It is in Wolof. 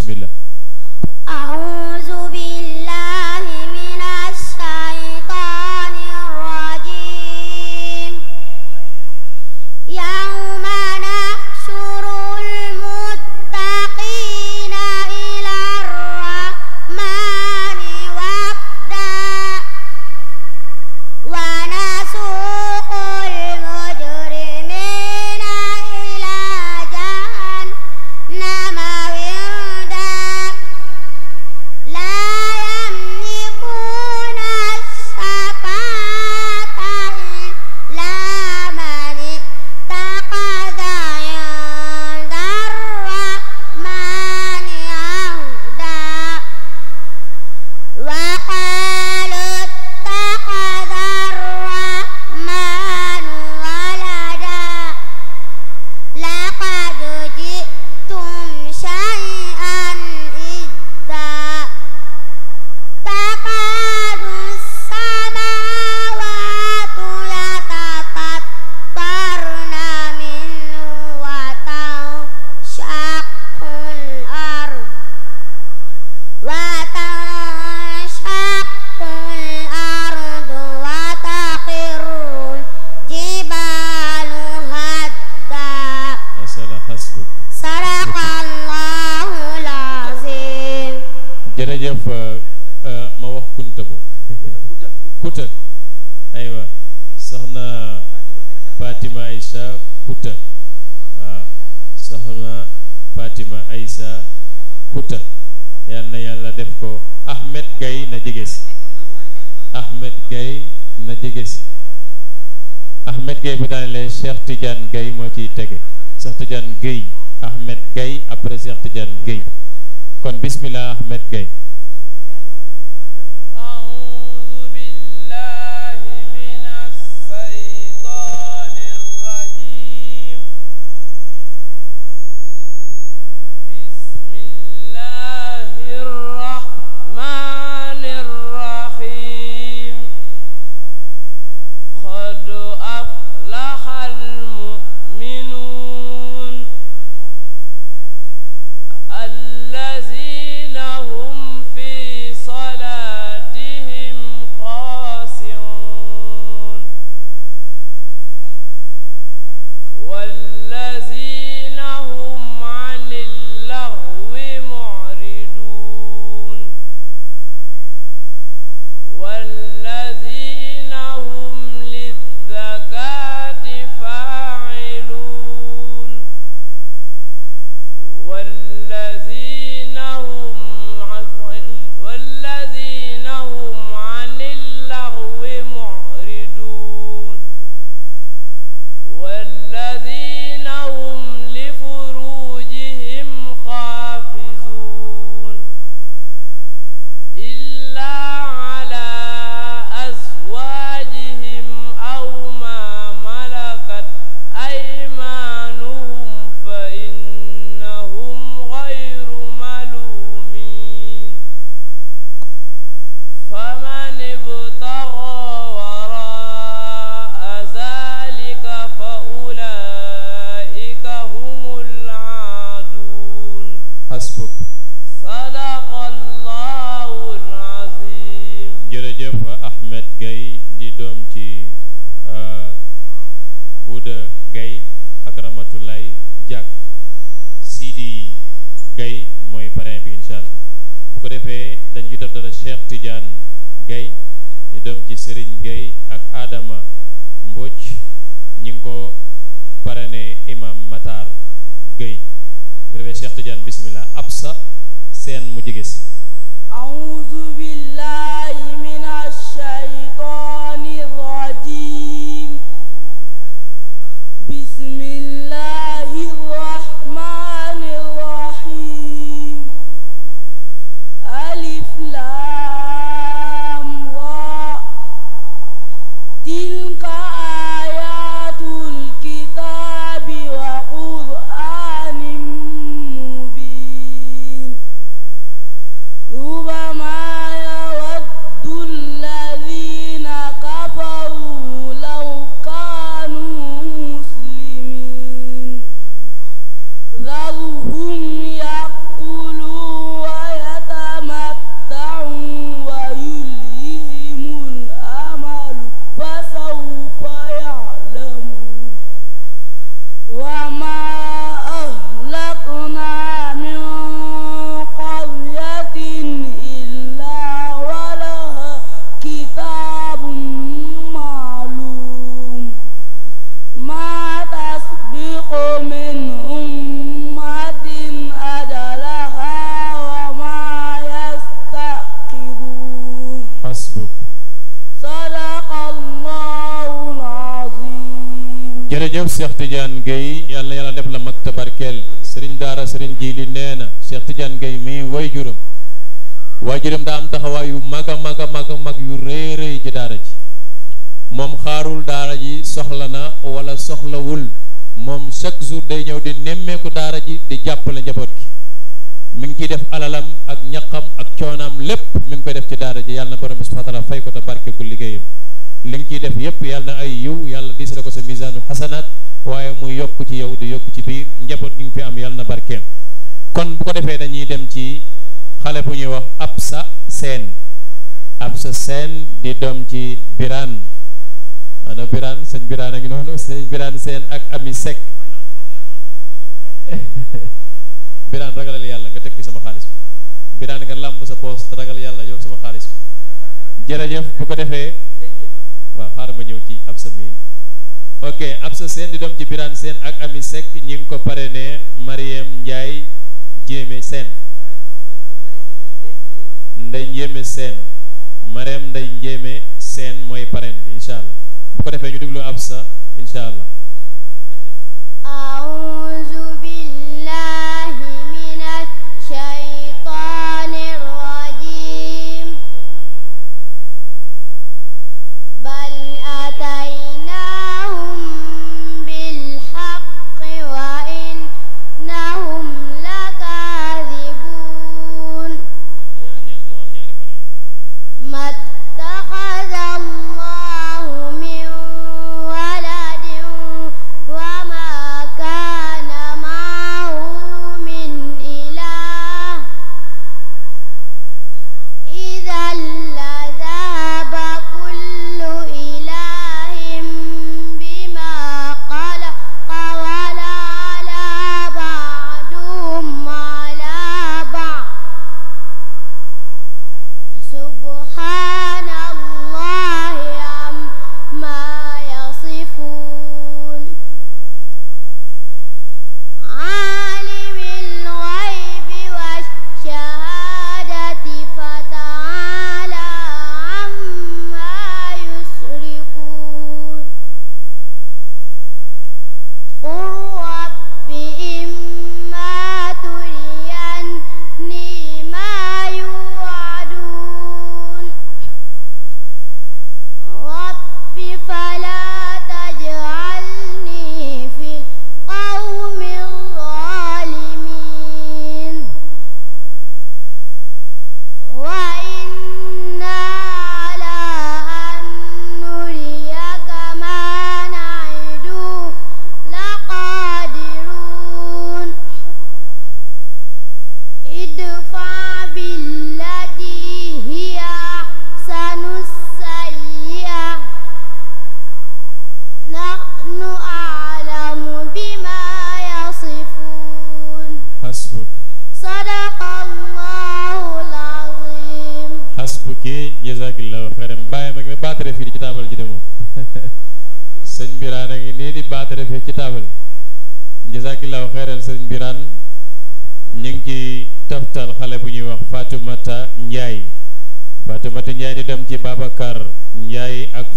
bismillah ah, jërëjëf euh, euh, ma wax kunta boobu kuta aywa soxna Fatima Aïcha kuta waaw soxna Fatima na yàlla def ko Ahmed Gaye na jege si Ahmed Gaye na jege si Ahmed Gaye bu daanelee Cheikh Tidiane Gaye moo ciy tege Cheikh Tidiane Gaye Ahmed Gaye après Cheikh Tidiane Gaye kon bismillah Ahmed Gueye jërëjëf Ahmed Gay di doom ci eh, Bouda Gaye ak Ramatoulaye Diack Sidi Gaye mooy parrain bi incha allah bu ko defee dañ ci def Cheikh Tidiane Gay di doom ci Serigne ak Adama Mbodj ñi ngi ko parrainé Imam Matar Gay bu ko defee Cheikh Tidiane bismillah Absa Sen mu الشیطان الرجیم بسم الله jërëjëf Cheikh Tidiane Gueye yàlla na yàlla def la mag te tabarkeel sëriñ daara sëriñ Jili nee na seex Tidiane Gueye mii woy juram waay juram daa am taxawaay yu mag a mag a mag a mag yu rëy rëy ci daara ji moom xaarul daara ji soxla na wala soxlawul moom chaque jour day ñëw di nemmeeku daara ji di jàppale njaboot gi mi ngi ciy def alalam ak ñaqam ak coonaam lépp mi ngi koy def ci daara ji yàlla na borom bi subhanahu wa taala fay ko te barke ko liggéeyam li nga ciy def Hasanat waye mu yok ci yow di yokku ci bir njabot gi fi am na barkeel kon bu ko defé dañuy dem ci xalé bu ñuy wax Absa sen, Absa sen di dom ci biran, ana biran sen biran a ngi sen sëñ biran Seen ak Ami sek biran ragalal yalla nga tek fi sama xaliss biran nga lamb sa poos ragal yalla yow sama xaliss bu ko defé wa xaar ma ñew ci Absa mi ok absa sen di dom ci sen ak ami sek ñi jai ko parrainé mariam ndiaye jeme sen nday jeme sen mariam nday jeme sen moy parrain inshallah allah bu ko defé ñu diglu absa inshallah allah billahi minash فأخذ dem bàyyi ma ngi baatare fii di ci taabal ji de moom sëñ a ngi nii di baatare fii ci taabal jazakillahu xeyran sëñ Birane ñu ngi ci taftal xale bu ñuy wax Fatoumata Ndiaye Fatoumata Ndiaye di dem ci Babacar Ndiaye ak